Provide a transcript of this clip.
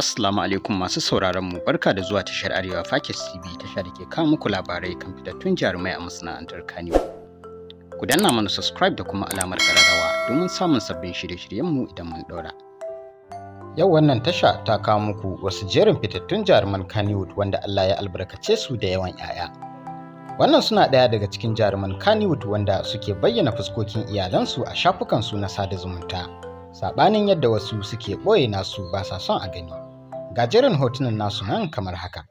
Assalamu alaikum masu sauraron mu barka da zuwa tashar Arewa Fakis TV tasha da ke kawo muku labarai kan fitattun jarumai a masana'antar Kano. Ku danna mana subscribe da kuma alamar kararrawa domin samun sabbin shirye-shiryen mu idan mun daura. Yau wannan tasha ta kawo muku wasu jerin fitattun jaruman Kannywood wanda Allah ya albarkace su da yawan 'ya'ya. Wannan suna ɗaya daga cikin jaruman Kannywood wanda suke bayyana fuskokin iyalansu a shafukan shafukansu na sada zumunta. Saɓanin yadda wasu suke ɓoye nasu ba sa son a gani. gajeren hotunan nasu nan kamar haka.